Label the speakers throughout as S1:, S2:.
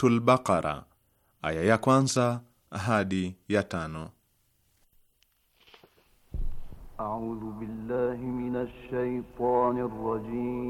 S1: Suratul Baqara aya ya kwanza hadi ya tano.
S2: A'udhu billahi minash shaitani rrajim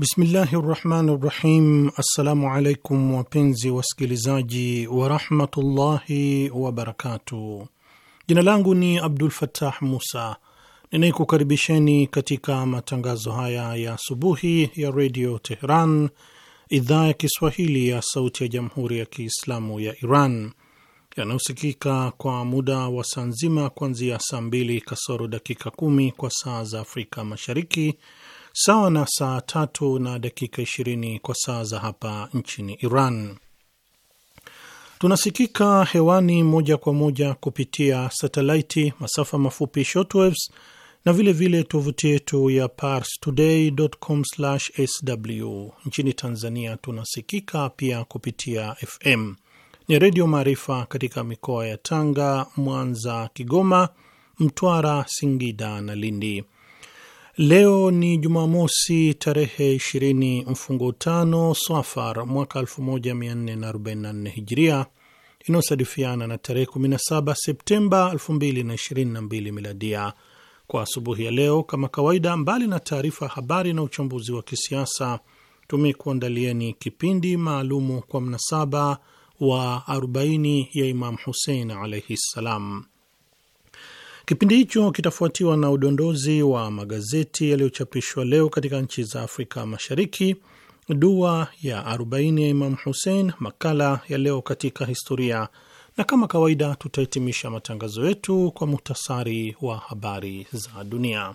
S3: Bismillahi rahmani rahim. Assalamu alaikum wapenzi wasikilizaji warahmatullahi wabarakatuh. Jina langu ni Abdul Fattah Musa, ninaikukaribisheni katika matangazo haya ya asubuhi ya redio Teheran, idhaa ya Kiswahili ya sauti ya jamhuri ya Kiislamu ya Iran, yanayosikika kwa muda wa saa nzima kuanzia saa mbili kasoro dakika kumi kwa saa za Afrika Mashariki, sawa na saa tatu na dakika 20 kwa saa za hapa nchini Iran. Tunasikika hewani moja kwa moja kupitia satelaiti, masafa mafupi shortwaves na vilevile tovuti yetu ya pars parstoday.com/sw. Nchini Tanzania tunasikika pia kupitia FM ni Redio Maarifa katika mikoa ya Tanga, Mwanza, Kigoma, Mtwara, Singida na Lindi. Leo ni Jumamosi tarehe 20 mfungo tano swafar mwaka 1444 Hijria, inayosadifiana na tarehe 17 Septemba 2022 Miladia. Kwa asubuhi ya leo, kama kawaida, mbali na taarifa ya habari na uchambuzi wa kisiasa, tumekuandalieni kipindi maalumu kwa mnasaba wa 40 ya Imam Husein alaihi ssalam. Kipindi hicho kitafuatiwa na udondozi wa magazeti yaliyochapishwa leo katika nchi za Afrika Mashariki, dua ya 40 ya Imam Hussein, makala ya leo katika historia, na kama kawaida tutahitimisha matangazo yetu kwa muhtasari wa habari za dunia.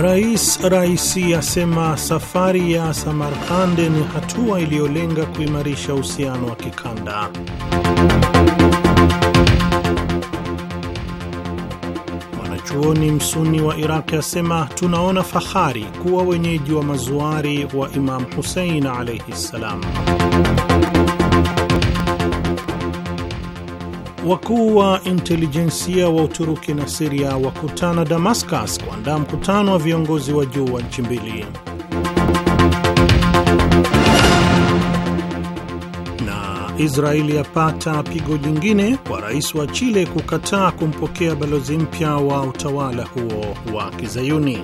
S3: Rais Raisi asema safari ya Samarkande ni hatua iliyolenga kuimarisha uhusiano wa kikanda. Mwanachuoni msuni wa Iraq asema tunaona fahari kuwa wenyeji wa mazuari wa Imam Husein alaihi ssalam. Wakuu wa intelijensia wa Uturuki na Siria wakutana Damascus kuandaa mkutano wa viongozi wa juu wa nchi mbili. Na Israeli yapata pigo jingine kwa rais wa Chile kukataa kumpokea balozi mpya wa utawala huo wa Kizayuni.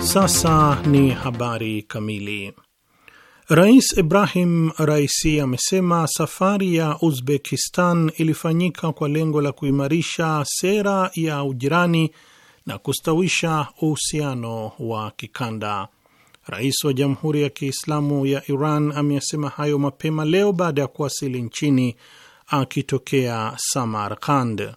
S3: Sasa ni habari kamili. Rais Ibrahim Raisi amesema safari ya Uzbekistan ilifanyika kwa lengo la kuimarisha sera ya ujirani na kustawisha uhusiano wa kikanda. Rais wa Jamhuri ya Kiislamu ya Iran ameyasema hayo mapema leo baada ya kuwasili nchini akitokea Samarkand.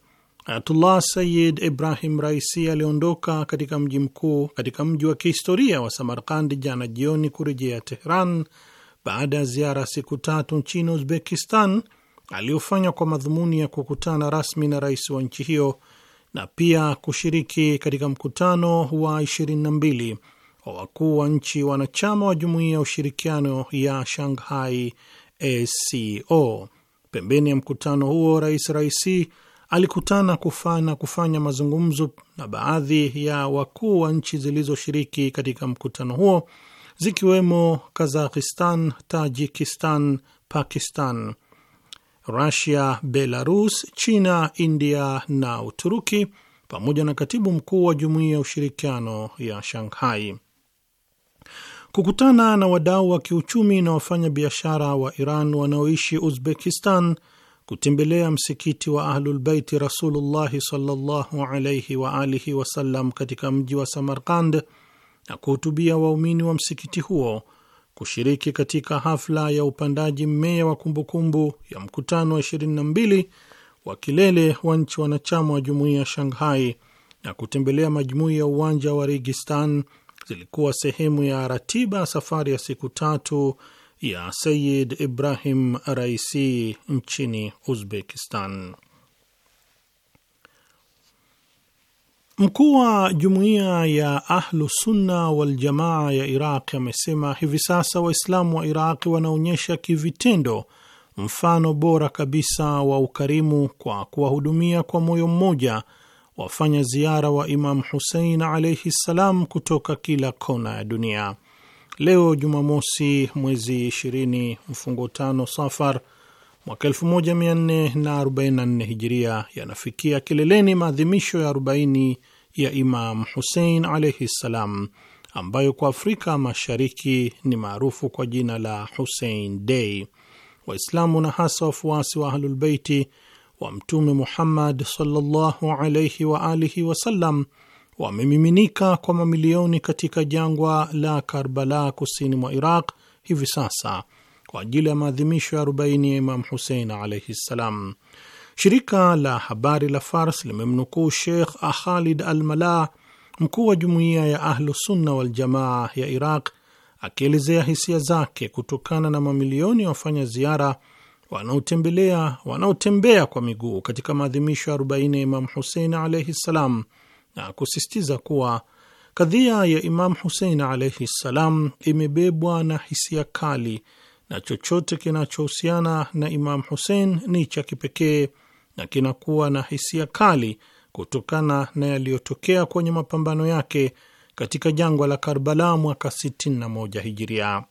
S3: Ayatullah Sayid Ibrahim Raisi aliondoka katika mji mkuu katika mji wa kihistoria wa Samarkand jana jioni kurejea Tehran baada ya ziara siku tatu nchini Uzbekistan aliyofanya kwa madhumuni ya kukutana rasmi na rais wa nchi hiyo na pia kushiriki katika mkutano wa 22 wa wakuu wa nchi wanachama wa jumuiya ya ushirikiano ya Shanghai SCO. Pembeni ya mkutano huo, Rais Raisi alikutana kufana kufanya mazungumzo na baadhi ya wakuu wa nchi zilizoshiriki katika mkutano huo zikiwemo kazakhistan Tajikistan, Pakistan, Rusia, Belarus, China, India na Uturuki pamoja na katibu mkuu wa Jumuiya ya Ushirikiano ya Shanghai. Kukutana na wadau wa kiuchumi na wafanyabiashara wa Iran wanaoishi Uzbekistan kutembelea msikiti wa Ahlulbeiti Rasulullahi sallallahu alaihi alihi wasallam katika mji wa Samarkand na kuhutubia waumini wa msikiti huo, kushiriki katika hafla ya upandaji mmea wa kumbukumbu ya mkutano wa 22 wa kilele wa nchi wanachama wa jumuiya ya Shanghai na kutembelea majumui ya uwanja wa Registan zilikuwa sehemu ya ratiba safari ya siku tatu ya Sayid Ibrahim Raisi nchini Uzbekistan. Mkuu wa jumuiya ya Ahlusunna Waljamaa ya Iraq amesema hivi sasa Waislamu wa Iraqi wanaonyesha kivitendo mfano bora kabisa wa ukarimu kwa kuwahudumia kwa moyo mmoja wafanya ziara wa Imam Husein alaihi ssalam kutoka kila kona ya dunia. Leo Jumamosi mwezi 20 mfungo tano Safar mwaka 1444 Hijiria yanafikia kileleni maadhimisho ya 40 ya Imam Husein alaihi ssalam, ambayo kwa Afrika Mashariki ni maarufu kwa jina la Husein Day. Waislamu na hasa wafuasi wa Ahlulbeiti wa Mtume Muhammad sallallahu alaihi waalihi wasallam wamemiminika kwa mamilioni katika jangwa la Karbala kusini mwa Iraq hivi sasa kwa ajili ya maadhimisho ya 40 ya Imam Husein alaihi ssalam. Shirika la habari la Fars limemnukuu Sheikh Khalid al Mala, mkuu wa jumuiya ya Ahlusunna Waljamaa ya Iraq, akielezea hisia zake kutokana na mamilioni ya wafanya ziara wanaotembea kwa miguu katika maadhimisho ya 40 ya Imam Husein alaihi ssalam na kusisitiza kuwa kadhia ya Imam Husein alaihi ssalam imebebwa na hisia kali na chochote kinachohusiana na Imam Husein ni cha kipekee na kinakuwa na hisia kali kutokana na yaliyotokea kwenye mapambano yake katika jangwa la Karbala mwaka 61 hijiria.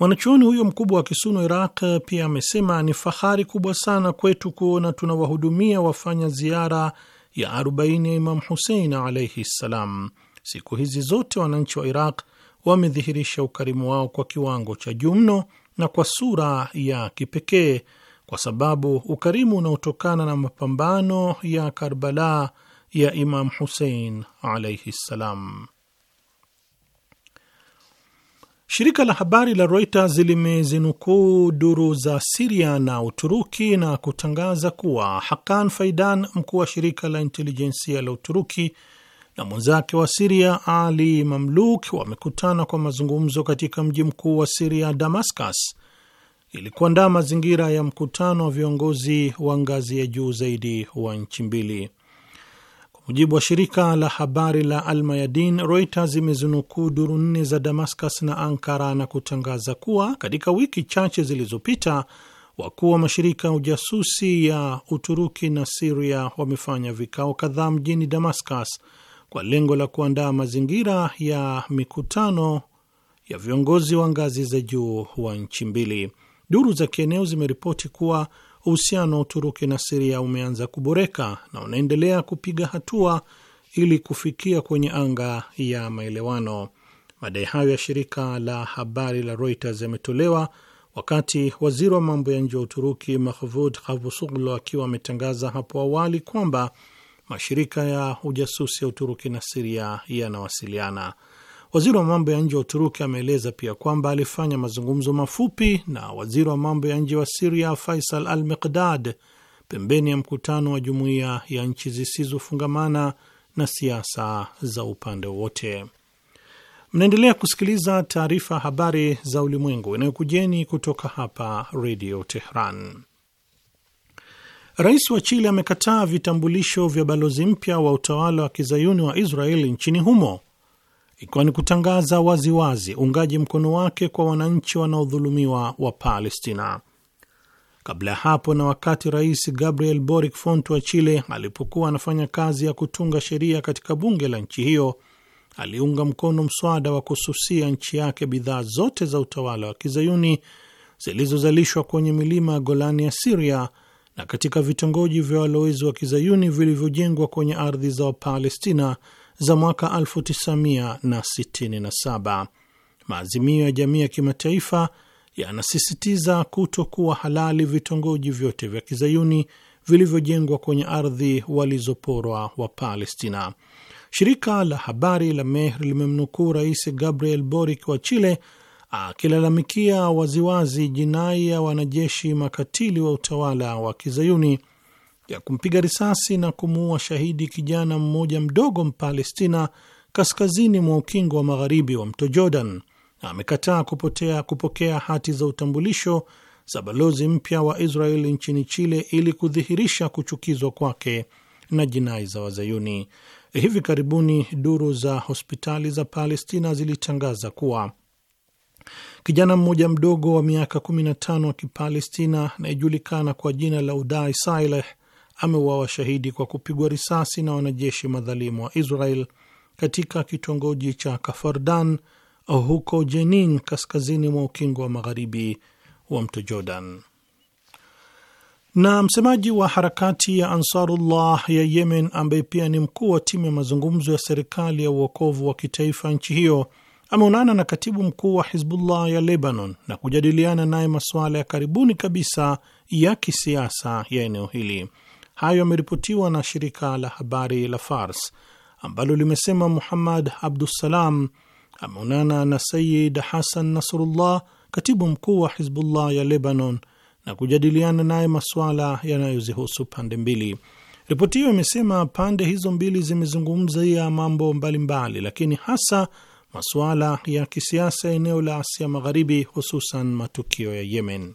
S3: Mwanachuoni huyo mkubwa wa Kisuno, Iraq, pia amesema ni fahari kubwa sana kwetu kuona tunawahudumia wafanya ziara ya 40 ya Imam Husein alaihi ssalam. Siku hizi zote wananchi wa Iraq wamedhihirisha ukarimu wao kwa kiwango cha juu mno na kwa sura ya kipekee, kwa sababu ukarimu unaotokana na mapambano ya Karbala ya Imam Husein alaihi ssalam. Shirika la habari la Reuters limezinukuu duru za Siria na Uturuki na kutangaza kuwa Hakan Faidan, mkuu wa shirika la intelijensia la Uturuki, na mwenzake wa Siria Ali Mamluk wamekutana kwa mazungumzo katika mji mkuu wa Siria, Damascus, ili kuandaa mazingira ya mkutano wa viongozi wa ngazi ya juu zaidi wa nchi mbili mujibu wa shirika la habari la Almayadin, Reuters imezinukuu duru nne za Damascus na Ankara na kutangaza kuwa katika wiki chache zilizopita wakuu wa mashirika ya ujasusi ya Uturuki na Siria wamefanya vikao kadhaa mjini Damascus kwa lengo la kuandaa mazingira ya mikutano ya viongozi wa ngazi za juu wa nchi mbili. Duru za kieneo zimeripoti kuwa uhusiano wa Uturuki na Siria umeanza kuboreka na unaendelea kupiga hatua ili kufikia kwenye anga ya maelewano. Madai hayo ya shirika la habari la Reuters yametolewa wakati waziri wa mambo ya nje wa Uturuki Mahvud Cavusoglu akiwa ametangaza hapo awali kwamba mashirika ya ujasusi ya Uturuki na Siria yanawasiliana. Waziri wa mambo ya nje wa Uturuki ameeleza pia kwamba alifanya mazungumzo mafupi na waziri wa mambo ya nje wa Siria Faisal Al Miqdad pembeni ya mkutano wa jumuiya ya nchi zisizofungamana na siasa za upande wote. Mnaendelea kusikiliza taarifa habari za ulimwengu inayokujeni kutoka hapa Redio Tehran. Rais wa Chile amekataa vitambulisho vya balozi mpya wa utawala wa kizayuni wa Israeli nchini humo ikiwa ni kutangaza waziwazi uungaji mkono wake kwa wananchi wanaodhulumiwa wa Palestina. Kabla ya hapo na wakati Rais Gabriel Boric Font wa Chile alipokuwa anafanya kazi ya kutunga sheria katika bunge la nchi hiyo, aliunga mkono mswada wa kususia nchi yake bidhaa zote za utawala wa kizayuni zilizozalishwa kwenye milima ya Golani ya Siria na katika vitongoji vya walowezi wa kizayuni vilivyojengwa kwenye ardhi za Wapalestina za mwaka 1967. Maazimio ya jamii ya kimataifa yanasisitiza kutokuwa halali vitongoji vyote vya kizayuni vilivyojengwa kwenye ardhi walizoporwa wa Palestina. Shirika la habari la Mehr limemnukuu Rais Gabriel Boric wa Chile akilalamikia waziwazi jinai ya wanajeshi makatili wa utawala wa kizayuni ya kumpiga risasi na kumuua shahidi kijana mmoja mdogo Mpalestina kaskazini mwa ukingo wa magharibi wa mto Jordan, na amekataa kupotea kupokea hati za utambulisho za balozi mpya wa Israel nchini Chile ili kudhihirisha kuchukizwa kwake na jinai za Wazayuni. Hivi karibuni duru za hospitali za Palestina zilitangaza kuwa kijana mmoja mdogo wa miaka 15 wa Kipalestina anayejulikana kwa jina la Udai Saleh ameuawa shahidi kwa kupigwa risasi na wanajeshi madhalimu wa Israel katika kitongoji cha Kafardan huko Jenin, kaskazini mwa ukingo wa magharibi wa mto Jordan. Na msemaji wa harakati ya Ansarullah ya Yemen, ambaye pia ni mkuu wa timu ya mazungumzo ya serikali ya uokovu wa kitaifa nchi hiyo, ameonana na katibu mkuu wa Hizbullah ya Lebanon na kujadiliana naye masuala ya karibuni kabisa ya kisiasa ya eneo hili. Hayo ameripotiwa na shirika la habari la Fars ambalo limesema Muhammad Abdussalam ameonana na Sayid Hasan Nasrullah, katibu mkuu wa Hizbullah ya Lebanon, na kujadiliana naye masuala yanayozihusu pande mbili. Ripoti hiyo imesema pande hizo mbili zimezungumza ya mambo mbalimbali mbali, lakini hasa masuala ya kisiasa eneo la Asia Magharibi, hususan matukio ya Yemen.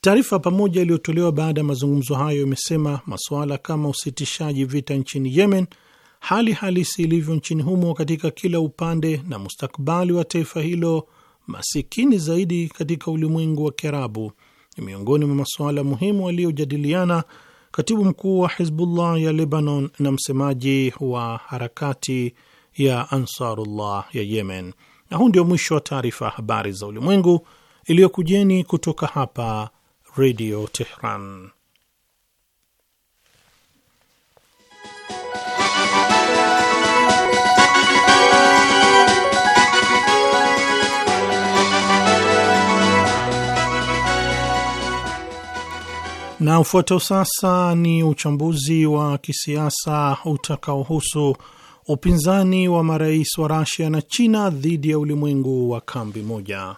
S3: Taarifa pamoja iliyotolewa baada ya mazungumzo hayo imesema masuala kama usitishaji vita nchini Yemen, hali halisi ilivyo nchini humo katika kila upande, na mustakbali wa taifa hilo masikini zaidi katika ulimwengu wa Kiarabu ni miongoni mwa masuala muhimu aliyojadiliana katibu mkuu wa Hizbullah ya Lebanon na msemaji wa harakati ya Ansarullah ya Yemen. Na huu ndio mwisho wa taarifa ya habari za ulimwengu iliyokujeni kutoka hapa Redio Tehran. Na ufuatao sasa ni uchambuzi wa kisiasa utakaohusu upinzani wa marais wa Rasia na China dhidi ya ulimwengu wa kambi moja.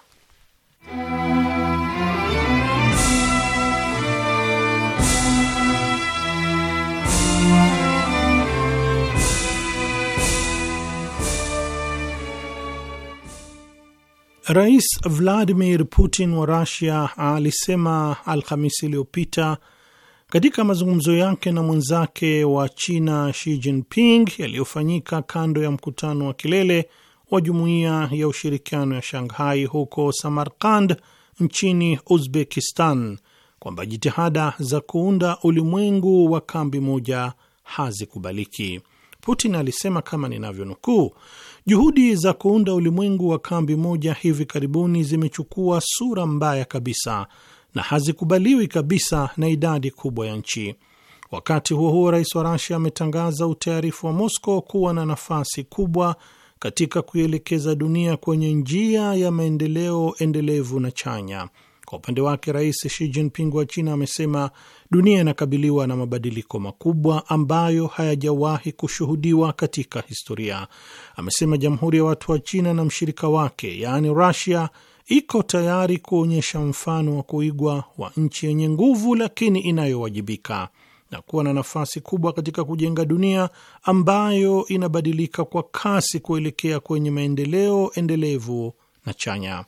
S3: Rais Vladimir Putin wa rusia alisema Alhamisi iliyopita katika mazungumzo yake na mwenzake wa China Xi Jinping yaliyofanyika kando ya mkutano wa kilele wa Jumuiya ya Ushirikiano ya Shanghai huko Samarkand nchini Uzbekistan kwamba jitihada za kuunda ulimwengu wa kambi moja hazikubaliki. Putin alisema kama ninavyonukuu, Juhudi za kuunda ulimwengu wa kambi moja hivi karibuni zimechukua sura mbaya kabisa na hazikubaliwi kabisa na idadi kubwa ya nchi. Wakati huo huo, rais wa Rasia ametangaza utayarifu wa Moscow kuwa na nafasi kubwa katika kuielekeza dunia kwenye njia ya maendeleo endelevu na chanya. Kwa upande wake Rais Xi Jinping wa China amesema dunia inakabiliwa na mabadiliko makubwa ambayo hayajawahi kushuhudiwa katika historia. Amesema Jamhuri ya Watu wa China na mshirika wake yaani Russia iko tayari kuonyesha mfano wa kuigwa wa nchi yenye nguvu lakini inayowajibika na kuwa na nafasi kubwa katika kujenga dunia ambayo inabadilika kwa kasi kuelekea kwenye maendeleo endelevu na chanya.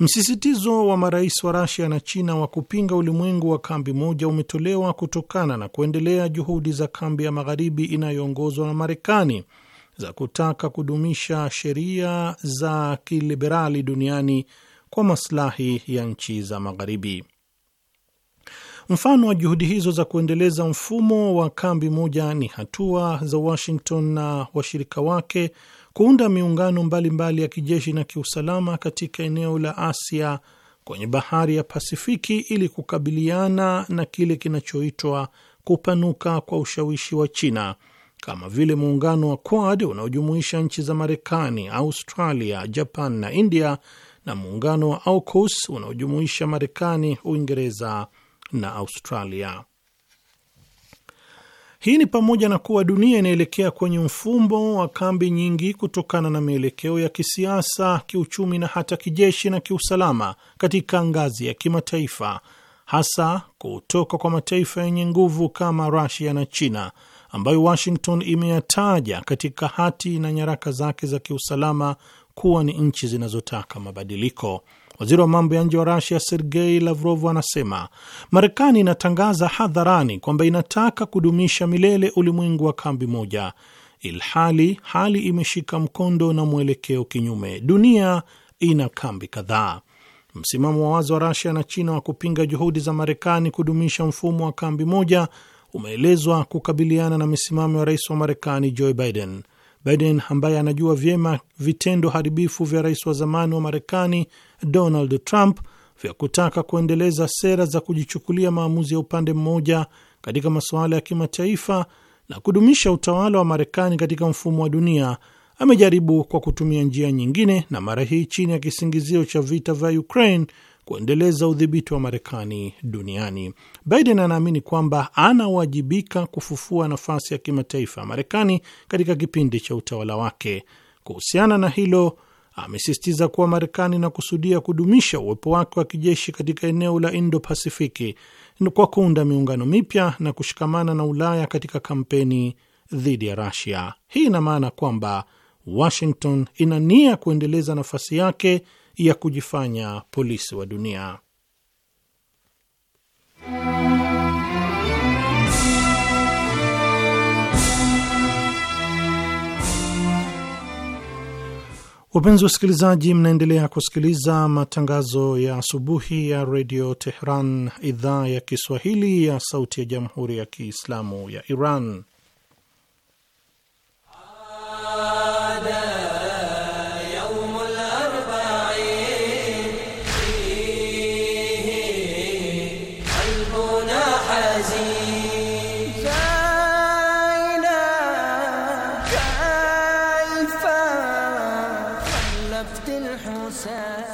S3: Msisitizo wa marais wa Rasia na China wa kupinga ulimwengu wa kambi moja umetolewa kutokana na kuendelea juhudi za kambi ya magharibi inayoongozwa na Marekani za kutaka kudumisha sheria za kiliberali duniani kwa maslahi ya nchi za magharibi. Mfano wa juhudi hizo za kuendeleza mfumo wa kambi moja ni hatua za Washington na washirika wake kuunda miungano mbalimbali mbali ya kijeshi na kiusalama katika eneo la Asia kwenye bahari ya Pasifiki ili kukabiliana na kile kinachoitwa kupanuka kwa ushawishi wa China kama vile muungano wa Quad unaojumuisha nchi za Marekani, Australia, Japan na India na muungano wa AUKUS unaojumuisha Marekani, Uingereza na Australia. Hii ni pamoja na kuwa dunia inaelekea kwenye mfumbo wa kambi nyingi kutokana na mielekeo ya kisiasa, kiuchumi na hata kijeshi na kiusalama katika ngazi ya kimataifa, hasa kutoka kwa mataifa yenye nguvu kama Rusia na China ambayo Washington imeyataja katika hati na nyaraka zake za kiusalama kuwa ni nchi zinazotaka mabadiliko. Waziri wa mambo ya nje wa Rasia Sergei Lavrov anasema Marekani inatangaza hadharani kwamba inataka kudumisha milele ulimwengu wa kambi moja, ilhali hali imeshika mkondo na mwelekeo kinyume. Dunia ina kambi kadhaa. Msimamo wa wazi wa Rasia na China wa kupinga juhudi za Marekani kudumisha mfumo wa kambi moja umeelezwa kukabiliana na misimamo ya rais wa Marekani Joe Biden. Biden ambaye anajua vyema vitendo haribifu vya rais wa zamani wa Marekani Donald Trump vya kutaka kuendeleza sera za kujichukulia maamuzi ya upande mmoja katika masuala ya kimataifa na kudumisha utawala wa Marekani katika mfumo wa dunia, amejaribu kwa kutumia njia nyingine, na mara hii chini ya kisingizio cha vita vya Ukraine kuendeleza udhibiti wa Marekani duniani. Biden anaamini kwamba anawajibika kufufua nafasi ya kimataifa ya Marekani katika kipindi cha utawala wake. Kuhusiana na hilo, amesisitiza kuwa Marekani inakusudia kudumisha uwepo wake wa kijeshi katika eneo la Indo-Pasifiki kwa kuunda miungano mipya na kushikamana na Ulaya katika kampeni dhidi ya rasia Hii ina maana kwamba Washington ina nia kuendeleza nafasi yake ya kujifanya polisi wa dunia. Wapenzi usikilizaji, mnaendelea kusikiliza matangazo ya asubuhi ya redio Tehran, idhaa ya Kiswahili ya sauti ya jamhuri ya Kiislamu ya Iran.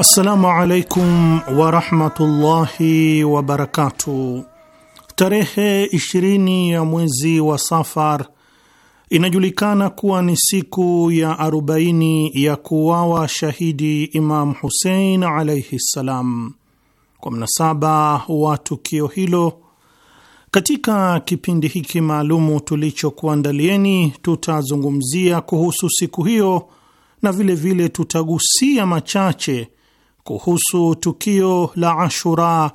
S3: Assalamu alaikum warahmatullahi wabarakatuh. Tarehe 20 ya mwezi wa Safar inajulikana kuwa ni siku ya 40 ya kuwawa shahidi Imam Husein alaihi ssalam. Kwa mnasaba wa tukio hilo, katika kipindi hiki maalumu tulichokuandalieni, tutazungumzia kuhusu siku hiyo na vilevile vile tutagusia machache kuhusu tukio la Ashura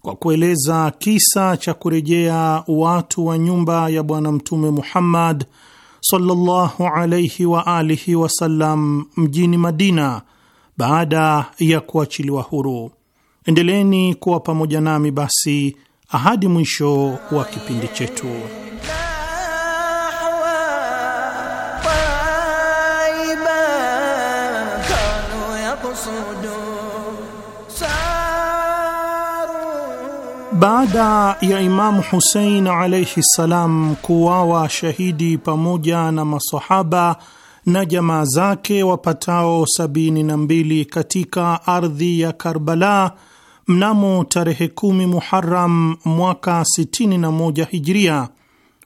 S3: kwa kueleza kisa cha kurejea watu wa nyumba ya Bwana Mtume Muhammad sallallahu alayhi wa alihi wasallam mjini Madina baada ya kuachiliwa huru. Endeleeni kuwa pamoja nami basi ahadi mwisho wa kipindi chetu. Baada ya Imamu Husein alaihi ssalam kuwawa shahidi pamoja na masahaba na jamaa zake wapatao 72 katika ardhi ya Karbala mnamo tarehe kumi Muharam mwaka 61 Hijria,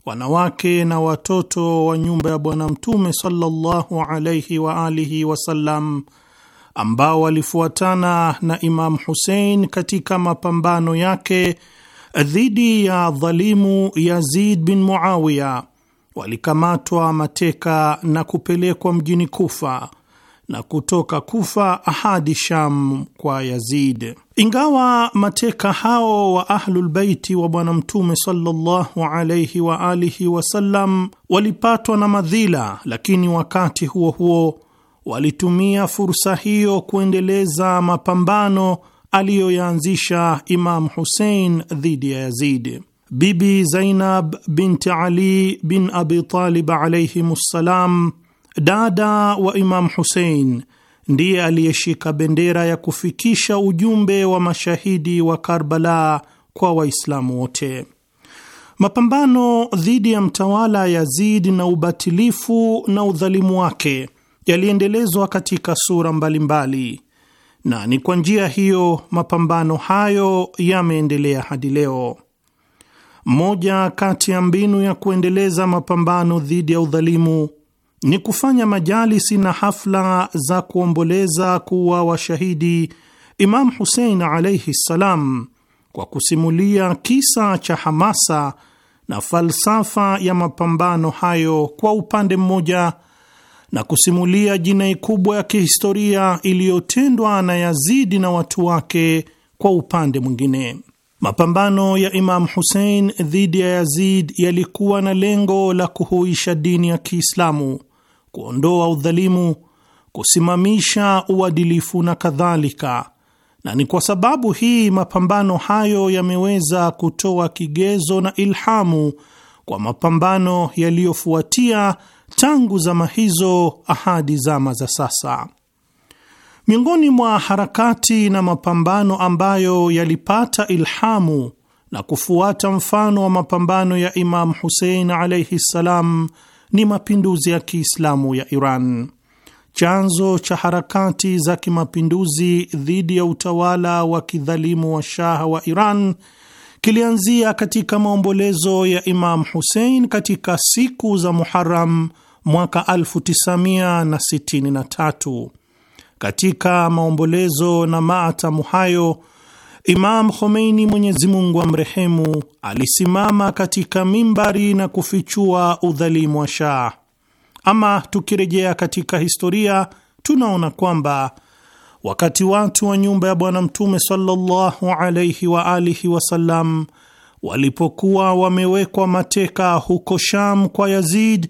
S3: wanawake na watoto wa nyumba ya Bwana Mtume sallallahu alaihi waalihi wasallam ambao walifuatana na Imam Hussein katika mapambano yake dhidi ya dhalimu Yazid bin Muawiya walikamatwa mateka na kupelekwa mjini Kufa na kutoka Kufa hadi Sham kwa Yazid. Ingawa mateka hao wa Ahlulbeiti wa Bwana Mtume sallallahu alaihi wa alihi wasallam walipatwa na madhila, lakini wakati huo huo walitumia fursa hiyo kuendeleza mapambano aliyoyaanzisha Imam Hussein dhidi ya Yazidi. Bibi Zainab bint Ali bin Abi Talib alayhim ssalam, dada wa Imam Hussein, ndiye aliyeshika bendera ya kufikisha ujumbe wa mashahidi wa Karbala kwa Waislamu wote. Mapambano dhidi ya mtawala Yazid na ubatilifu na udhalimu wake yaliendelezwa katika sura mbalimbali, na ni kwa njia hiyo mapambano hayo yameendelea hadi leo. Moja kati ya mbinu ya kuendeleza mapambano dhidi ya udhalimu ni kufanya majalisi na hafla za kuomboleza kuwa washahidi Imam Husein alaihi ssalam, kwa kusimulia kisa cha hamasa na falsafa ya mapambano hayo kwa upande mmoja na kusimulia jinai kubwa ya kihistoria iliyotendwa na Yazidi na watu wake. Kwa upande mwingine, mapambano ya Imam Hussein dhidi ya Yazid yalikuwa na lengo la kuhuisha dini ya Kiislamu, kuondoa udhalimu, kusimamisha uadilifu na kadhalika, na ni kwa sababu hii mapambano hayo yameweza kutoa kigezo na ilhamu kwa mapambano yaliyofuatia tangu zama hizo ahadi zama za sasa. Miongoni mwa harakati na mapambano ambayo yalipata ilhamu na kufuata mfano wa mapambano ya Imamu Husein alaihi ssalam ni mapinduzi ya Kiislamu ya Iran. Chanzo cha harakati za kimapinduzi dhidi ya utawala wa kidhalimu wa shaha wa Iran kilianzia katika maombolezo ya Imam husein katika siku za muharam mwaka 1963. Katika maombolezo na maatamu hayo Imam Khomeini, Mwenyezi Mungu amrehemu, alisimama katika mimbari na kufichua udhalimu wa Shah. Ama tukirejea katika historia tunaona kwamba wakati watu wa nyumba ya Bwana Mtume sallallahu alaihi wa alihi wasallam walipokuwa wamewekwa mateka huko Sham kwa Yazid,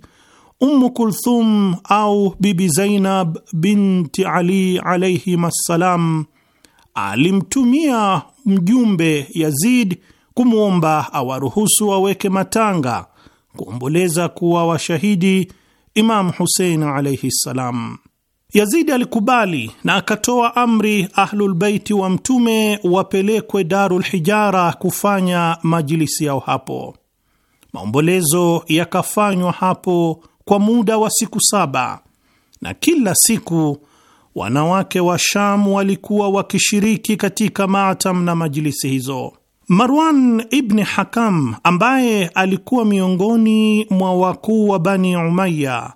S3: Ummu Kulthum au Bibi Zainab binti Ali alaihim assalam alimtumia mjumbe Yazid kumwomba awaruhusu waweke matanga kuomboleza kuwa washahidi Imam Husein alaihi ssalam. Yazidi alikubali na akatoa amri Ahlulbeiti wa Mtume wapelekwe Darul Hijara kufanya majilisi yao hapo. Maombolezo yakafanywa hapo kwa muda wa siku saba, na kila siku wanawake wa Sham walikuwa wakishiriki katika maatam na majilisi hizo. Marwan ibni Hakam ambaye alikuwa miongoni mwa wakuu wa Bani Umaya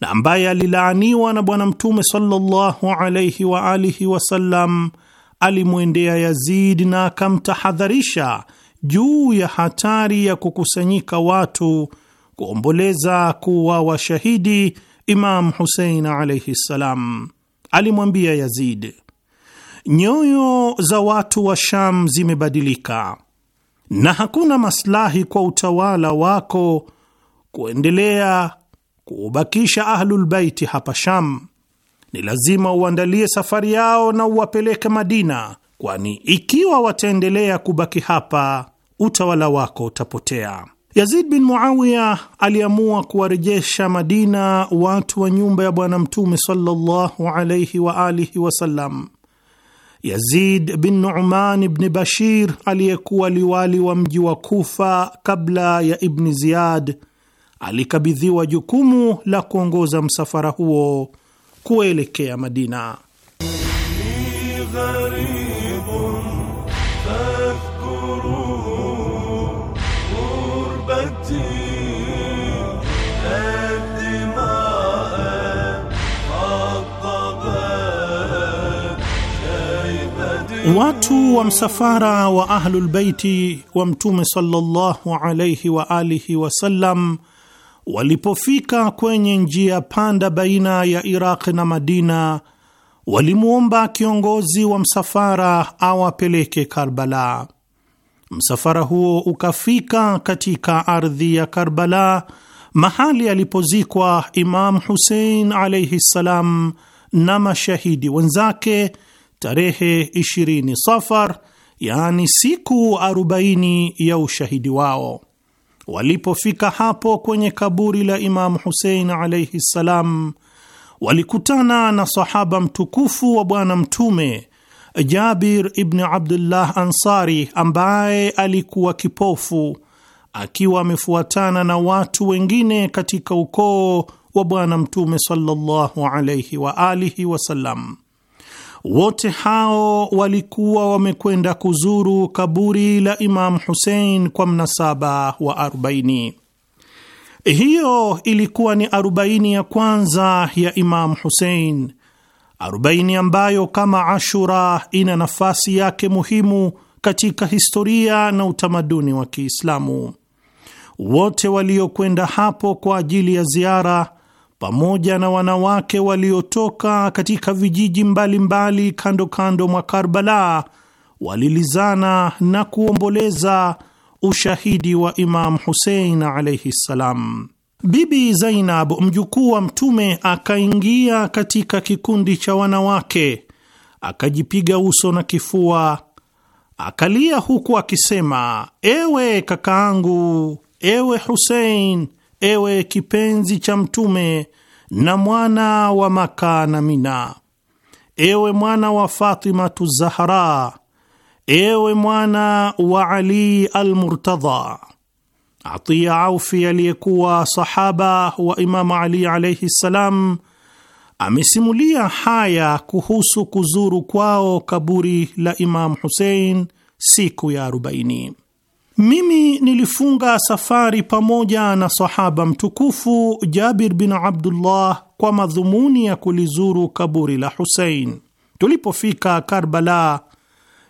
S3: na ambaye alilaaniwa na Bwana Mtume sallallahu alayhi wa alihi wasallam, alimwendea Yazid na akamtahadharisha juu ya hatari ya kukusanyika watu kuomboleza kuwa washahidi Imam Husein alaihi ssalam. Alimwambia Yazid, nyoyo za watu wa Sham zimebadilika na hakuna maslahi kwa utawala wako kuendelea kuubakisha ahlulbaiti hapa Sham, ni lazima uandalie safari yao na uwapeleke Madina, kwani ikiwa wataendelea kubaki hapa utawala wako utapotea. Yazid bin Muawiya aliamua kuwarejesha Madina watu wa nyumba ya Bwana Mtume sallallahu alaihi wa alihi wasallam. Yazid bin Numan bni Bashir aliyekuwa liwali wa mji wa Kufa kabla ya Ibni Ziyad alikabidhiwa jukumu la kuongoza msafara huo kuelekea Madina. Watu wa msafara wa Ahlulbeiti wa Mtume sallallahu alaihi wa alihi wasallam Walipofika kwenye njia panda baina ya Iraq na Madina, walimwomba kiongozi wa msafara awapeleke Karbala. Msafara huo ukafika katika ardhi ya Karbala, mahali alipozikwa Imam Husein alaihi ssalam na mashahidi wenzake tarehe 20 Safar, yaani siku 40 ya ushahidi wao. Walipofika hapo kwenye kaburi la Imamu Husein alaihi ssalam, walikutana na sahaba mtukufu wa Bwana Mtume Jabir ibni Abdullah Ansari, ambaye alikuwa kipofu akiwa amefuatana na watu wengine katika ukoo wa Bwana Mtume sallallahu alaihi waalihi wasallam. Wote hao walikuwa wamekwenda kuzuru kaburi la Imam husein kwa mnasaba wa arobaini. Hiyo ilikuwa ni arobaini ya kwanza ya Imam husein arobaini ambayo kama Ashura ina nafasi yake muhimu katika historia na utamaduni wa Kiislamu. Wote waliokwenda hapo kwa ajili ya ziara pamoja na wanawake waliotoka katika vijiji mbalimbali mbali kando kando mwa Karbala walilizana na kuomboleza ushahidi wa Imam Husein alaihi ssalam. Bibi Zainab, mjukuu wa Mtume, akaingia katika kikundi cha wanawake, akajipiga uso na kifua, akalia huku akisema, ewe kakaangu, ewe Husein, ewe kipenzi cha Mtume na mwana wa Maka na Mina, ewe mwana wa Fatimatu Zahra, ewe mwana wa Ali Almurtadha. Atiya Aufi aliyekuwa sahaba wa Imamu Ali alaihi ssalam amesimulia haya kuhusu kuzuru kwao kaburi la Imamu Husein siku ya arobaini. Mimi nilifunga safari pamoja na sahaba mtukufu Jabir bin Abdullah kwa madhumuni ya kulizuru kaburi la Husein. Tulipofika Karbala,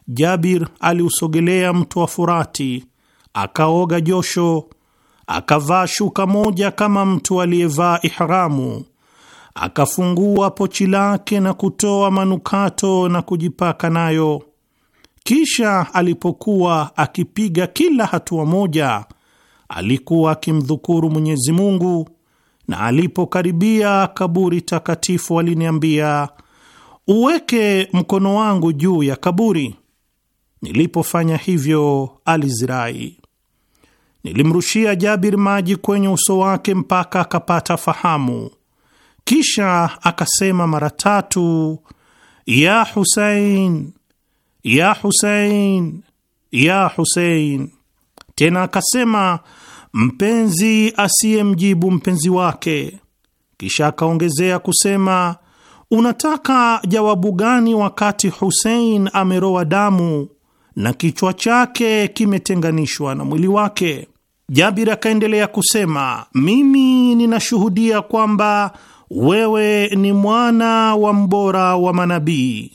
S3: Jabir aliusogelea mto wa Furati, akaoga josho, akavaa shuka moja kama mtu aliyevaa ihramu, akafungua pochi lake na kutoa manukato na kujipaka nayo kisha alipokuwa akipiga kila hatua moja, alikuwa akimdhukuru Mwenyezi Mungu, na alipokaribia kaburi takatifu aliniambia, uweke mkono wangu juu ya kaburi. Nilipofanya hivyo, alizirai. Nilimrushia Jabir maji kwenye uso wake mpaka akapata fahamu, kisha akasema mara tatu, ya husein ya Husein, ya Husein. Tena akasema mpenzi asiyemjibu mpenzi wake. Kisha akaongezea kusema unataka jawabu gani wakati Husein ameroa damu na kichwa chake kimetenganishwa na mwili wake? Jabir akaendelea kusema mimi ninashuhudia kwamba wewe ni mwana wa mbora wa manabii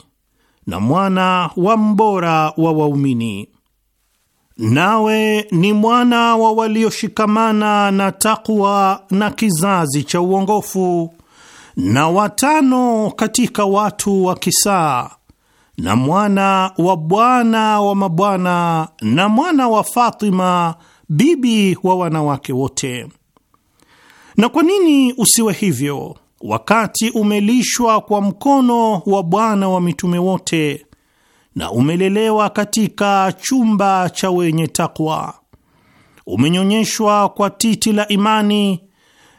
S3: na mwana wa mbora wa waumini, nawe ni mwana wa walioshikamana na takwa na kizazi cha uongofu, na watano katika watu wa kisaa, na mwana wa Bwana wa mabwana, na mwana wa Fatima bibi wa wanawake wote. Na kwa nini usiwe hivyo? wakati umelishwa kwa mkono wa Bwana wa mitume wote na umelelewa katika chumba cha wenye takwa, umenyonyeshwa kwa titi la imani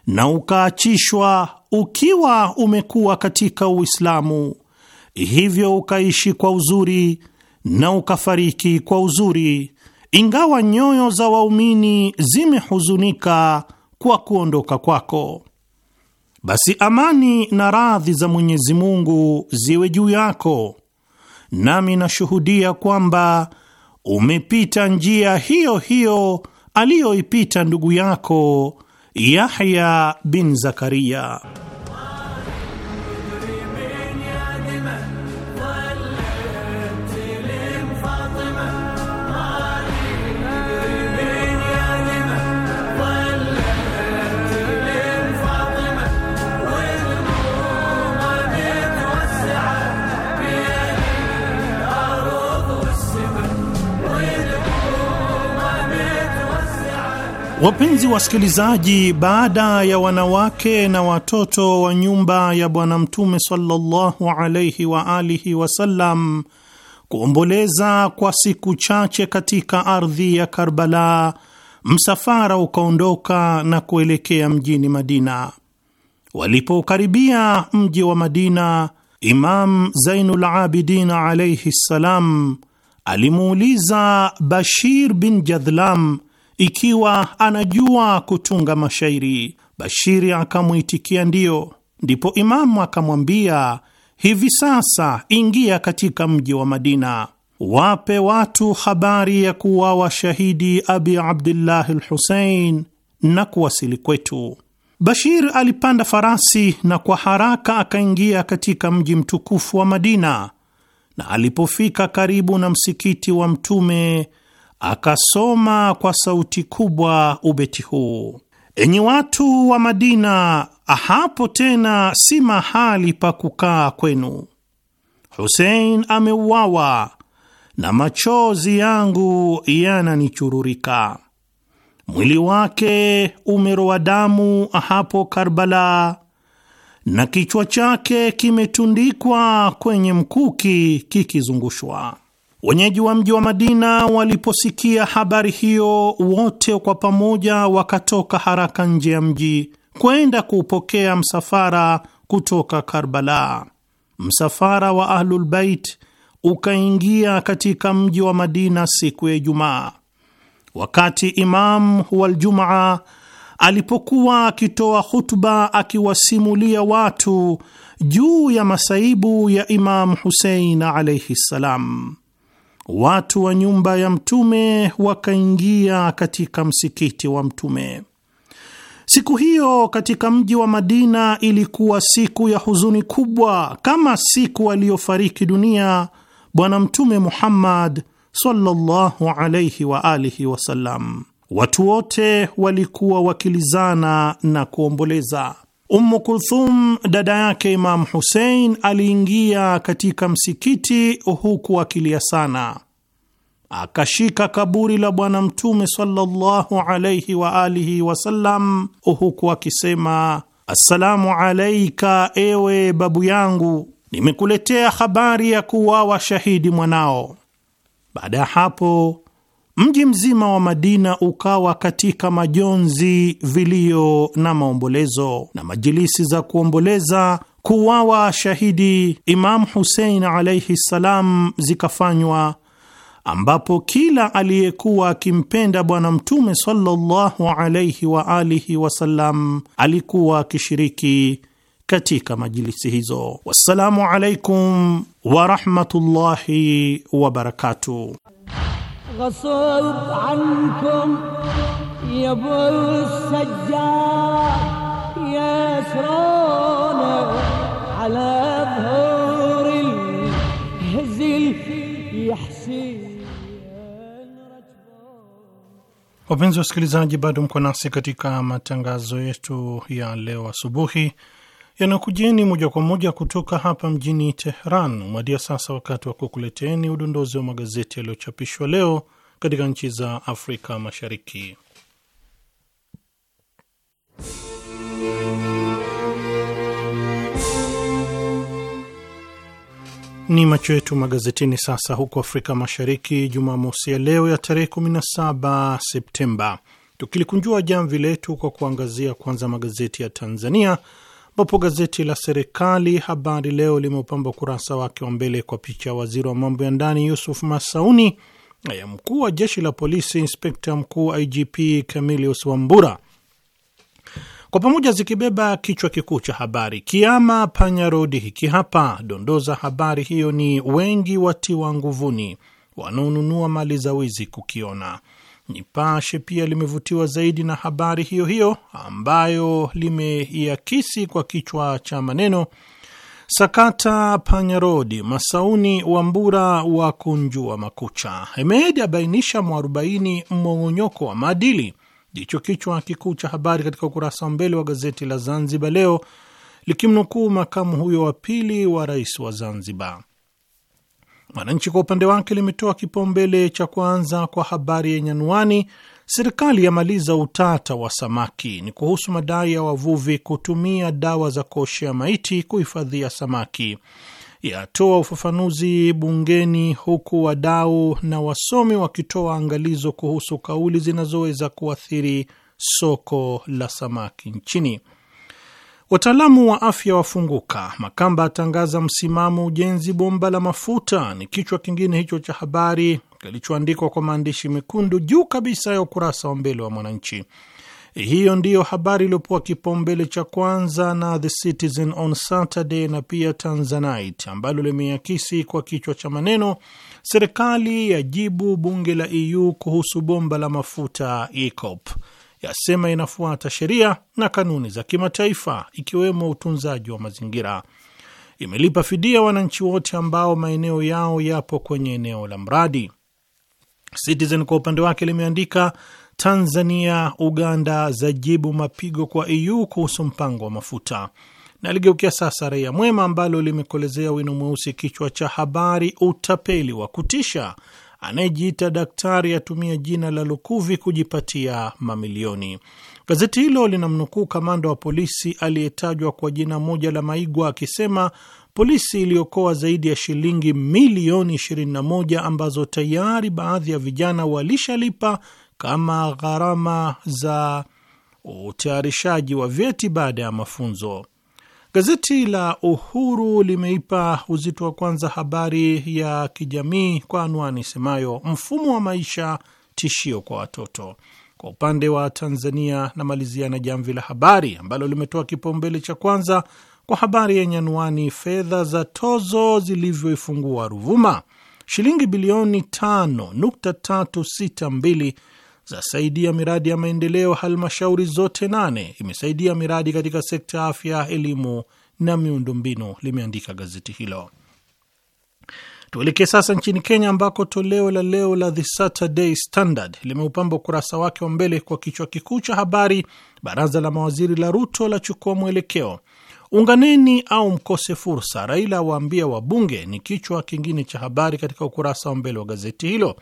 S3: na ukaachishwa ukiwa umekuwa katika Uislamu, hivyo ukaishi kwa uzuri na ukafariki kwa uzuri, ingawa nyoyo za waumini zimehuzunika kwa kuondoka kwako basi amani na radhi za Mwenyezi Mungu ziwe juu yako, nami nashuhudia kwamba umepita njia hiyo hiyo aliyoipita ndugu yako Yahya bin Zakaria. Wapenzi wasikilizaji, baada ya wanawake na watoto wa nyumba ya Bwana Mtume sallallahu alaihi wa alihi wasallam kuomboleza kwa siku chache katika ardhi ya Karbala, msafara ukaondoka na kuelekea mjini Madina. Walipokaribia mji wa Madina, Imam Zainul Abidin alaihi ssalam alimuuliza Bashir bin Jadhlam ikiwa anajua kutunga mashairi. Bashiri akamwitikia ndiyo. Ndipo Imamu akamwambia, hivi sasa ingia katika mji wa Madina, wape watu habari ya kuwawa shahidi Abi Abdillahi Lhusein na kuwasili kwetu. Bashir alipanda farasi na kwa haraka akaingia katika mji mtukufu wa Madina, na alipofika karibu na msikiti wa Mtume akasoma kwa sauti kubwa ubeti huu: enyi watu wa Madina, hapo tena si mahali pa kukaa kwenu. Husein ameuawa na machozi yangu yananichururika. Mwili wake umerowa damu hapo Karbala, na kichwa chake kimetundikwa kwenye mkuki kikizungushwa. Wenyeji wa mji wa Madina waliposikia habari hiyo, wote kwa pamoja wakatoka haraka nje ya mji kwenda kuupokea msafara kutoka Karbala. Msafara wa Ahlulbeit ukaingia katika mji wa Madina siku ya Ijumaa. Wakati Imam waljumaa alipokuwa akitoa hutuba akiwasimulia watu juu ya masaibu ya Imam Husein alaihi ssalam watu wa nyumba ya Mtume wakaingia katika msikiti wa Mtume. Siku hiyo katika mji wa Madina ilikuwa siku ya huzuni kubwa, kama siku aliyofariki dunia Bwana Mtume Muhammad sallallahu alayhi wa alihi wasallam. Watu wote walikuwa wakilizana na kuomboleza. Ummu Kulthum dada yake Imam Husein aliingia katika msikiti huku akilia sana, akashika kaburi la Bwana Mtume sallallahu alayhi wa alihi wasallam huku akisema, assalamu alaika, ewe babu yangu, nimekuletea habari ya kuwawa shahidi mwanao. Baada ya hapo Mji mzima wa Madina ukawa katika majonzi, vilio na maombolezo, na majilisi za kuomboleza kuwawa shahidi Imamu Husein alaihi ssalam zikafanywa, ambapo kila aliyekuwa akimpenda Bwana Mtume sallallahu alaihi wa alihi wasallam alikuwa akishiriki katika majilisi hizo. Wassalamu alaikum warahmatullahi wabarakatuh.
S2: غصب عنكم يا ابو السجاد يسرونا على ظهور الهزل
S3: يحسين Wapenzi wasikilizaji, bado mko nasi katika matangazo yetu ya leo asubuhi yanakujeni moja kwa moja kutoka hapa mjini Teheran. Umewadia sasa wakati wa kukuleteni udondozi wa magazeti yaliyochapishwa leo katika nchi za Afrika Mashariki. Ni macho yetu magazetini sasa huko Afrika Mashariki, Jumamosi ya leo ya tarehe 17 Septemba, tukilikunjua jamvi letu kwa kuangazia kwanza magazeti ya Tanzania ambapo gazeti la serikali Habari Leo limeupamba ukurasa wake wa mbele kwa picha ya waziri wa mambo ya ndani Yusuf Masauni na ya mkuu wa jeshi la polisi inspekta mkuu IGP Camilius Wambura, kwa pamoja zikibeba kichwa kikuu cha habari kiama panya rodi hiki hapa. Dondoo za habari hiyo ni wengi watiwa nguvuni wanaonunua mali za wizi kukiona Nipashe pia limevutiwa zaidi na habari hiyo hiyo ambayo limeiakisi kwa kichwa cha maneno sakata panyarodi Masauni Wambura wa kunjua makucha. Hemed abainisha mwarobaini mmong'onyoko wa maadili, ndicho kichwa kikuu cha habari katika ukurasa wa mbele wa gazeti la Zanzibar Leo, likimnukuu makamu huyo wa pili wa rais wa Zanzibar. Mwananchi kwa upande wake limetoa kipaumbele cha kwanza kwa habari yenye anwani serikali yamaliza utata wa samaki. Ni kuhusu madai ya wavuvi kutumia dawa za kuoshea maiti kuhifadhia samaki, yatoa ufafanuzi bungeni, huku wadau na wasomi wakitoa angalizo kuhusu kauli zinazoweza kuathiri soko la samaki nchini. Wataalamu wa afya wafunguka. Makamba atangaza msimamo ujenzi bomba la mafuta, ni kichwa kingine hicho cha habari kilichoandikwa kwa maandishi mekundu juu kabisa ya ukurasa wa mbele wa Mwananchi. Hiyo ndiyo habari iliyopewa kipaumbele cha kwanza na The Citizen on Saturday na pia Tanzanite, ambalo limeakisi kwa kichwa cha maneno, serikali yajibu bunge la EU kuhusu bomba la mafuta EACOP yasema inafuata sheria na kanuni za kimataifa ikiwemo utunzaji wa mazingira. Imelipa fidia wananchi wote ambao maeneo yao yapo kwenye eneo la mradi. Citizen kwa upande wake limeandika Tanzania, Uganda zajibu mapigo kwa EU kuhusu mpango wa mafuta. na ligeukia sasa Raia Mwema ambalo limekolezea wino mweusi kichwa cha habari, utapeli wa kutisha anayejiita daktari atumia jina la Lukuvi kujipatia mamilioni. Gazeti hilo linamnukuu kamanda wa polisi aliyetajwa kwa jina moja la Maigwa akisema polisi iliokoa zaidi ya shilingi milioni 21 ambazo tayari baadhi ya vijana walishalipa kama gharama za utayarishaji wa vyeti baada ya mafunzo. Gazeti la Uhuru limeipa uzito wa kwanza habari ya kijamii kwa anwani semayo mfumo wa maisha tishio kwa watoto. Kwa upande wa Tanzania namalizia na Jamvi la Habari ambalo limetoa kipaumbele cha kwanza kwa habari yenye anwani fedha za tozo zilivyoifungua Ruvuma, shilingi bilioni 5.362 zasaidia miradi ya maendeleo halmashauri zote nane, imesaidia miradi katika sekta ya afya, elimu na miundombinu, limeandika gazeti hilo. Tuelekee sasa nchini Kenya, ambako toleo la leo la The Saturday Standard limeupamba ukurasa wake wa mbele kwa kichwa kikuu cha habari, baraza la mawaziri la Ruto lachukua mwelekeo Unganeni au mkose fursa, Raila waambia wabunge, ni kichwa kingine cha habari katika ukurasa wa mbele wa gazeti hilo.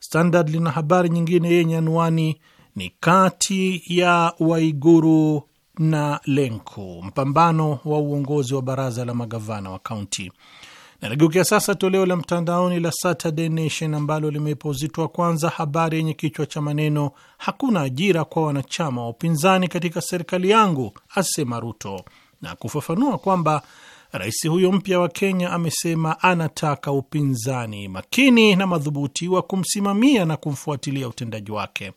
S3: Standard lina habari nyingine yenye anwani ni kati ya Waiguru na Lenku, mpambano wa uongozi wa baraza la magavana wa kaunti. Nageukia sasa toleo la mtandaoni la Saturday Nation ambalo limeipa uzito wa kwanza habari yenye kichwa cha maneno hakuna ajira kwa wanachama wa upinzani katika serikali yangu, asema Ruto, na kufafanua kwamba Rais huyo mpya wa Kenya amesema anataka upinzani makini na madhubuti wa kumsimamia na kumfuatilia utendaji wake.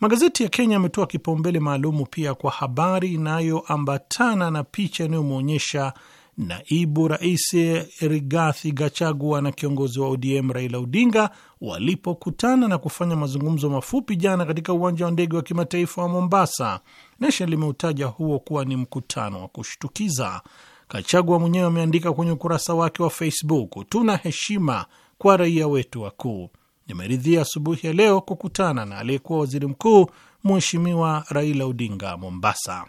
S3: Magazeti ya Kenya yametoa kipaumbele maalumu pia kwa habari inayoambatana na picha inayomwonyesha naibu rais Rigathi Gachagua na kiongozi wa ODM Raila Odinga walipokutana na kufanya mazungumzo mafupi jana katika uwanja wa ndege wa kimataifa wa Mombasa. Nation limeutaja huo kuwa ni mkutano wa kushtukiza. Kachagua mwenyewe ameandika kwenye ukurasa wake wa Facebook, tuna heshima kwa raia wetu wakuu. Nimeridhia asubuhi ya leo kukutana na aliyekuwa waziri mkuu Mheshimiwa Raila Odinga Mombasa.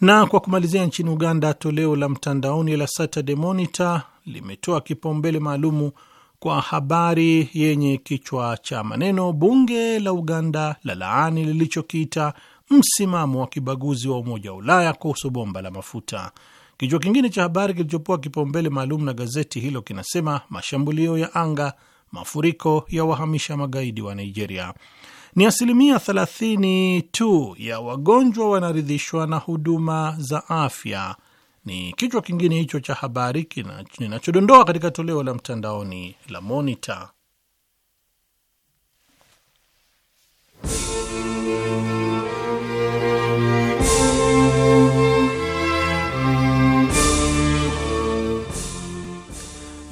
S3: Na kwa kumalizia, nchini Uganda, toleo la mtandaoni la Saturday Monitor limetoa kipaumbele maalumu kwa habari yenye kichwa cha maneno bunge la Uganda la laani lilichokiita msimamo wa kibaguzi wa Umoja wa Ulaya kuhusu bomba la mafuta. Kichwa kingine cha habari kilichopewa kipaumbele maalum na gazeti hilo kinasema mashambulio ya anga, mafuriko ya wahamisha magaidi wa Nigeria. Ni asilimia 30 tu ya wagonjwa wanaridhishwa na huduma za afya, ni kichwa kingine hicho cha habari kinachodondoa katika toleo la mtandaoni la Monitor.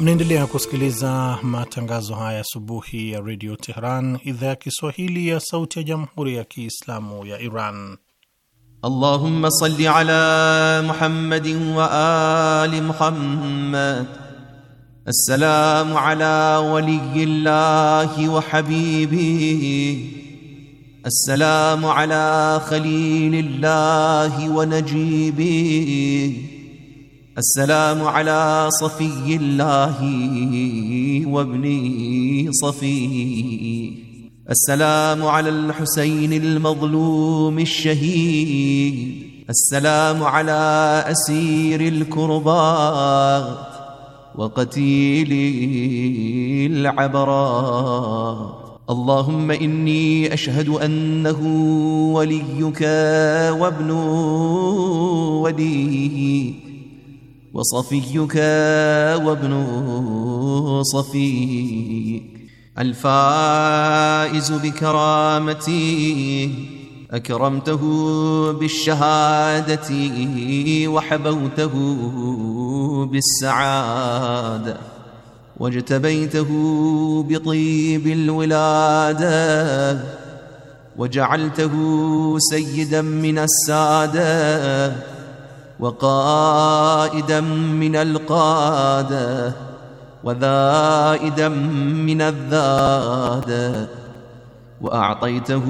S3: Mnaendelea kusikiliza matangazo haya asubuhi ya redio Tehran, idhaa ya Kiswahili ya sauti ya jamhuri ya kiislamu ya Iran. Allahumma salli ala Muhammadin
S4: wa ali Muhammad. Assalamu ala waliyillahi wa habibihi. Assalamu ala khalilillahi wa najibihi السلام على صفي الله وابن صفيه السلام على الحسين المظلوم الشهيد السلام على أسير الكربات وقتيل العبرات اللهم إني أشهد أنه وليك وابن وليه وصفيك وابن صفيك الفائز بكرامتي أكرمته بالشهادة وحبوته بالسعادة واجتبيته بطيب الولادة وجعلته سيدا من الساده وقائدا من القادة وذائدا من الذادة وأعطيته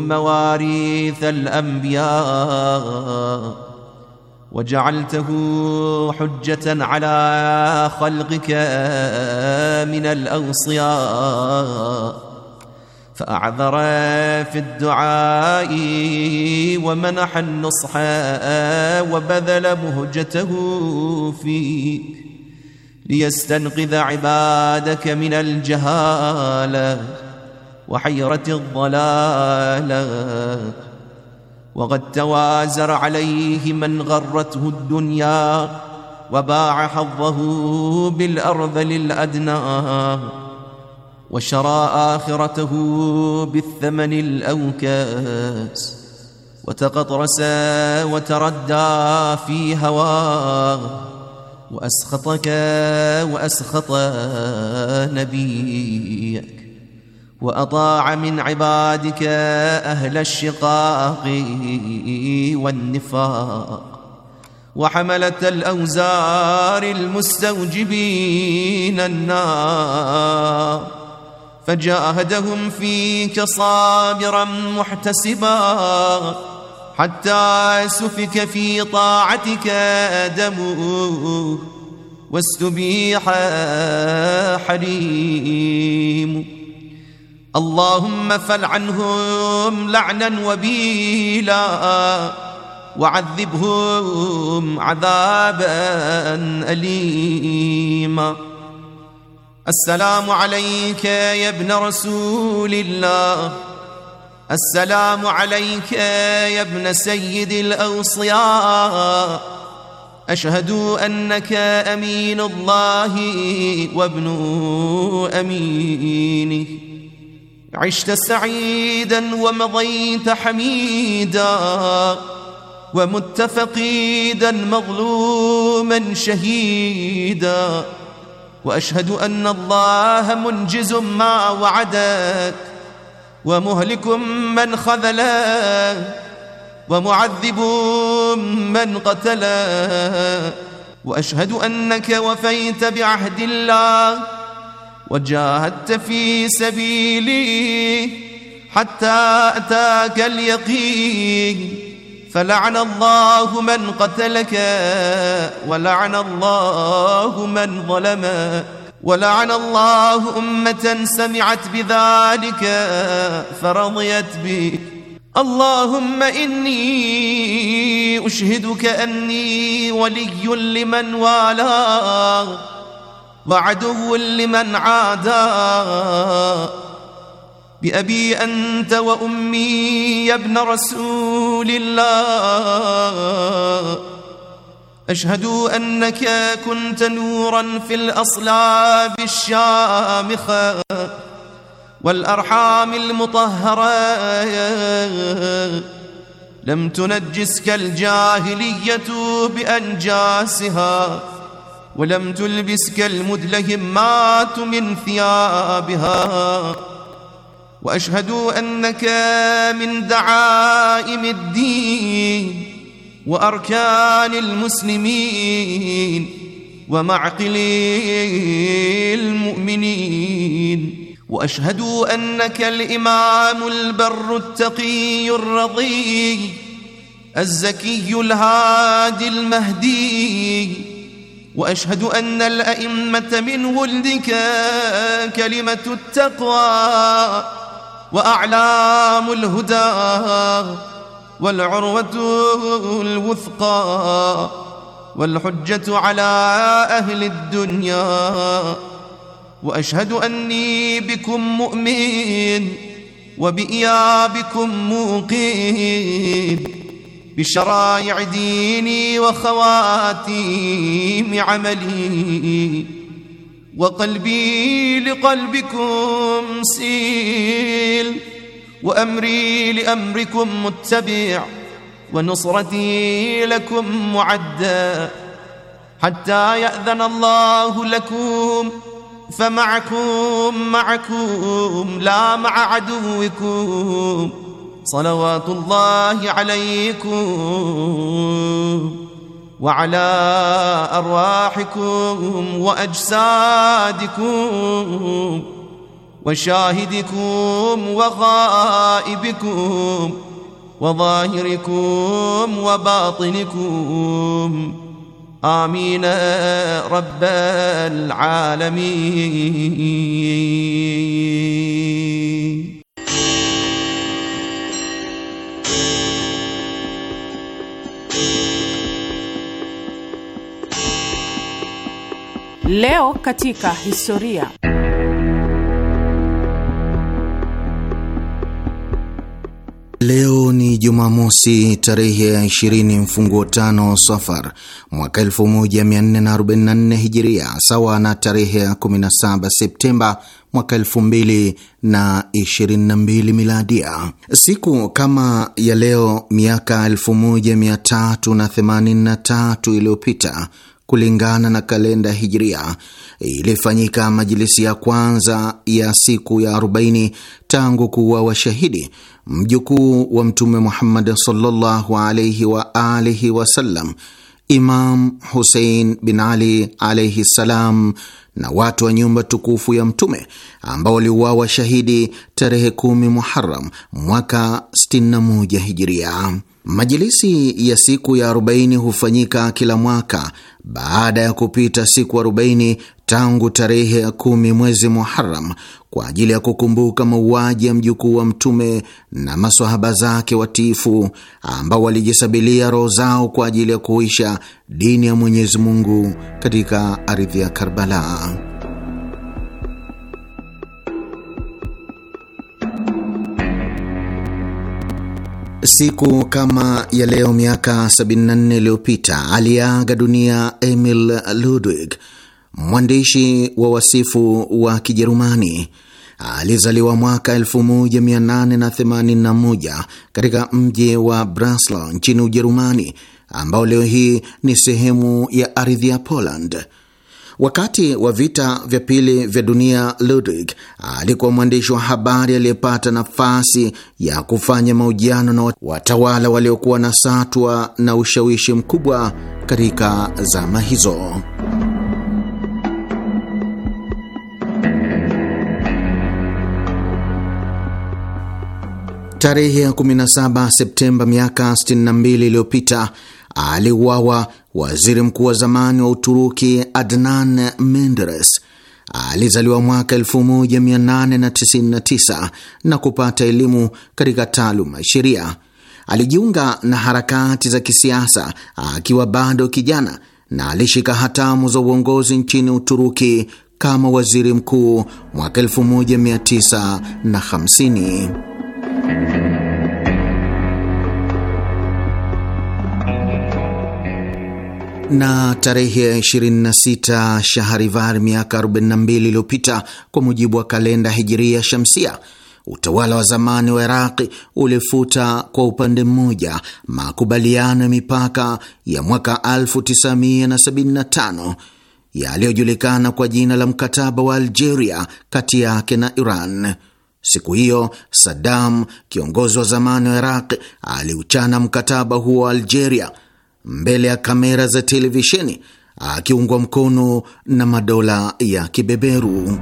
S4: مواريث الأنبياء وجعلته حجة على خلقك من الأوصياء فأعذر في الدعاء ومنح النصح وبذل مهجته فيك ليستنقذ عبادك من الجهالة وحيرة الضلالة وقد توازر عليه من غرته الدنيا وباع حظه بالأرذل الأدنى وشرى آخرته بالثمن الأوكاس وتقطرسا وتردى في هواه وأسخطك وأسخط نبيك وأطاع من عبادك أهل الشقاق والنفاق وحملة الأوزار المستوجبين النار فجاهدهم فيك صابرا محتسبا حتى سفك في طاعتك دمه واستبيح حريم اللهم عنهم لعنا وبيلا وعذبهم عذابا أليما السلام عليك يا ابن رسول الله السلام عليك يا ابن سيد الأوصياء أشهد أنك أمين الله وابن أمينه عشت سعيدا ومضيت حميدا ومت فقيدا مظلوما شهيدا وأشهد أن الله منجز ما وعدك ومهلك من خذلك ومعذب من قتله وأشهد أنك وفيت بعهد الله وجاهدت في سبيلي حتى أتاك اليقين فلعن الله من قتلك ولعن الله من ظلمك ولعن الله أمة سمعت بذلك فرضيت به اللهم إني أشهدك أني ولي لمن والاه وعدو لمن عادى بأبي أنت وأمي يا ابن رسول لله أشهد أنك كنت نورا في الأصلاب الشامخة والأرحام المطهرة لم تنجسك الجاهلية بأنجاسها ولم تلبسك المدلهمات من ثيابها واشهد انك من دعائم الدين واركان المسلمين ومعقل المؤمنين واشهد انك الامام البر التقي الرضي الزكي الهادي المهدي واشهد ان الائمه من ولدك كلمه التقوى وأعلام الهدى والعروة الوثقى والحجة على أهل الدنيا وأشهد أني بكم مؤمن وبإيابكم موقن بشرائع ديني وخواتيم عملي وقلبي لقلبكم سيل وأمري لأمركم متبع ونصرتي لكم معدى حتى يأذن الله لكم فمعكم معكم لا مع عدوكم صلوات الله عليكم وعلى أرواحكم وأجسادكم وشاهدكم وغائبكم وظاهركم وباطنكم آمين رب العالمين
S5: Leo katika historia. Leo ni Jumamosi tarehe ya 20 mfunguo tano Safar mwaka 1444 Hijiria, sawa na tarehe ya 17 Septemba mwaka 2022 Miladia. Siku kama ya leo miaka 1383 iliyopita kulingana na kalenda Hijria, ilifanyika majilisi ya kwanza ya siku ya 40 tangu kuwa washahidi mjukuu wa Mtume Muhammad sallallahu alaihi wa alihi wasallam, Imam Husein bin Ali alaihi ssalam na watu wa nyumba tukufu ya Mtume ambao waliuawa shahidi tarehe 10 Muharam mwaka 61 Hijiria. Majilisi ya siku ya 40 hufanyika kila mwaka baada ya kupita siku 40 tangu tarehe ya kumi mwezi Muharam kwa ajili ya kukumbuka mauaji ya mjukuu wa Mtume na maswahaba zake watifu ambao walijisabilia roho zao kwa ajili ya kuisha dini ya Mwenyezi Mungu katika ardhi ya Karbala. Siku kama ya leo miaka 74 iliyopita aliaga dunia Emil Ludwig, mwandishi wa wasifu wa Kijerumani. Alizaliwa mwaka 1881 katika mji wa Breslau nchini Ujerumani, ambao leo hii ni sehemu ya ardhi ya Poland. Wakati wa vita vya pili vya dunia, Ludwig alikuwa mwandishi wa habari aliyepata nafasi ya kufanya mahojiano na watawala waliokuwa na satwa na ushawishi mkubwa katika zama hizo. Tarehe ya 17 Septemba miaka 62 iliyopita aliuawa Waziri mkuu wa zamani wa Uturuki Adnan Menderes alizaliwa mwaka 1899 na kupata elimu katika taaluma ya sheria. Alijiunga na harakati za kisiasa akiwa bado kijana na alishika hatamu za uongozi nchini Uturuki kama waziri mkuu mwaka 1950. na tarehe ya 26 Shahrivar miaka 42 iliyopita kwa mujibu wa kalenda Hijiria Shamsia, utawala wa zamani wa Iraqi ulifuta kwa upande mmoja makubaliano ya mipaka ya mwaka 1975 yaliyojulikana kwa jina la mkataba wa Algeria kati yake na Iran. Siku hiyo Saddam, kiongozi wa zamani wa Iraq, aliuchana mkataba huo wa Algeria mbele ya kamera za televisheni akiungwa mkono na madola ya kibeberu.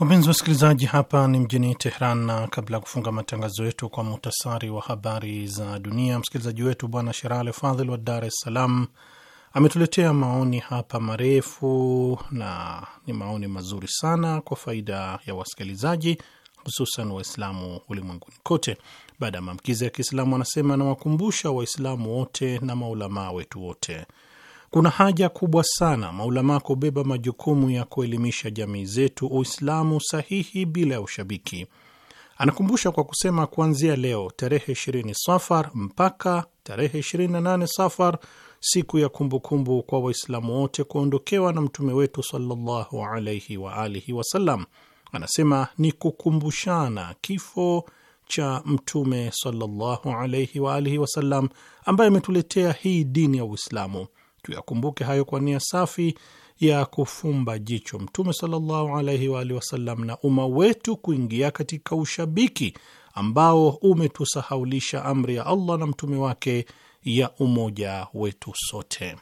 S3: Wapenzi wasikilizaji, hapa ni mjini Tehran, na kabla ya kufunga matangazo yetu kwa muhtasari wa habari za dunia, msikilizaji wetu Bwana Sherale Fadhil wa Dar es Salaam Ametuletea maoni hapa marefu na ni maoni mazuri sana kwa faida ya wasikilizaji, hususan Waislamu ulimwenguni kote. Baada ya maamkizi ya Kiislamu, anasema anawakumbusha Waislamu wote na maulamaa wetu wote, kuna haja kubwa sana maulamaa kubeba majukumu ya kuelimisha jamii zetu Uislamu sahihi bila ya ushabiki. Anakumbusha kwa kusema kuanzia leo tarehe 20 Safar mpaka tarehe 28 Safar siku ya kumbukumbu kumbu kwa Waislamu wote kuondokewa na mtume wetu sallallahu alaihi wa alihi wasallam. Anasema ni kukumbushana kifo cha mtume sallallahu alaihi wa alihi wasallam ambaye ametuletea hii dini ya Uislamu. Tuyakumbuke hayo kwa nia safi ya kufumba jicho mtume sallallahu alaihi wa alihi wasallam na umma wetu kuingia katika ushabiki ambao umetusahaulisha amri ya Allah na mtume wake ya umoja wetu sote.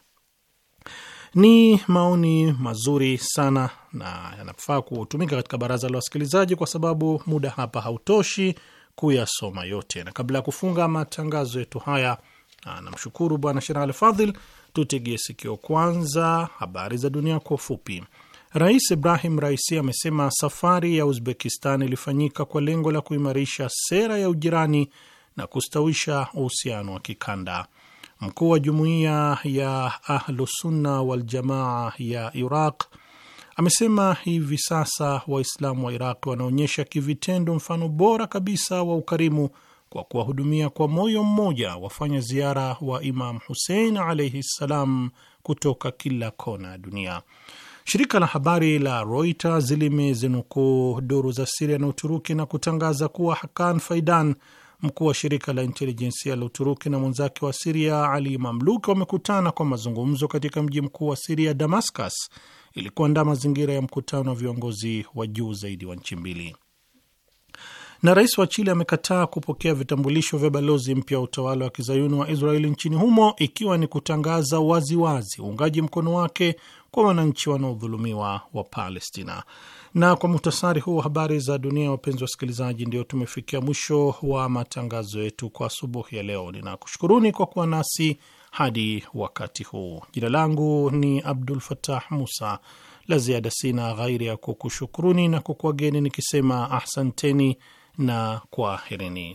S3: Ni maoni mazuri sana na yanafaa kutumika katika baraza la wasikilizaji, kwa sababu muda hapa hautoshi kuyasoma yote, na kabla ya kufunga matangazo yetu haya, namshukuru Bwana Sheral Fadhil. Tutegee sikio kwanza habari za dunia kwa ufupi. Rais Ibrahim Raisi amesema safari ya Uzbekistan ilifanyika kwa lengo la kuimarisha sera ya ujirani na kustawisha uhusiano wa kikanda. Mkuu wa jumuiya ya Ahlusunna Waljamaa ya Iraq amesema hivi sasa Waislamu wa Iraq wanaonyesha kivitendo mfano bora kabisa wa ukarimu kwa kuwahudumia kwa moyo mmoja wafanya ziara wa Imam Husein alaihi ssalam kutoka kila kona ya dunia. Shirika la habari la Reuters limezinukuu duru za Siria na Uturuki na kutangaza kuwa Hakan Faidan mkuu wa shirika la intelijensia la Uturuki na mwenzake wa Siria Ali Mamluk wamekutana kwa mazungumzo katika mji mkuu wa Siria, Damascus, ili kuandaa mazingira ya mkutano wa viongozi wa juu zaidi wa nchi mbili. Na rais wa Chile amekataa kupokea vitambulisho vya balozi mpya wa utawala wa kizayuni wa Israeli nchini humo, ikiwa ni kutangaza waziwazi uungaji mkono wake kwa wananchi wanaodhulumiwa wa Palestina. Na kwa muhtasari huu wa habari za dunia, wapenzi wasikilizaji, ndio tumefikia mwisho wa matangazo yetu kwa asubuhi ya leo. Ninakushukuruni kwa kuwa nasi hadi wakati huu. Jina langu ni Abdul Fatah Musa. La ziada sina ghairi ya kukushukuruni na kukuageni nikisema ahsanteni na kwaherini.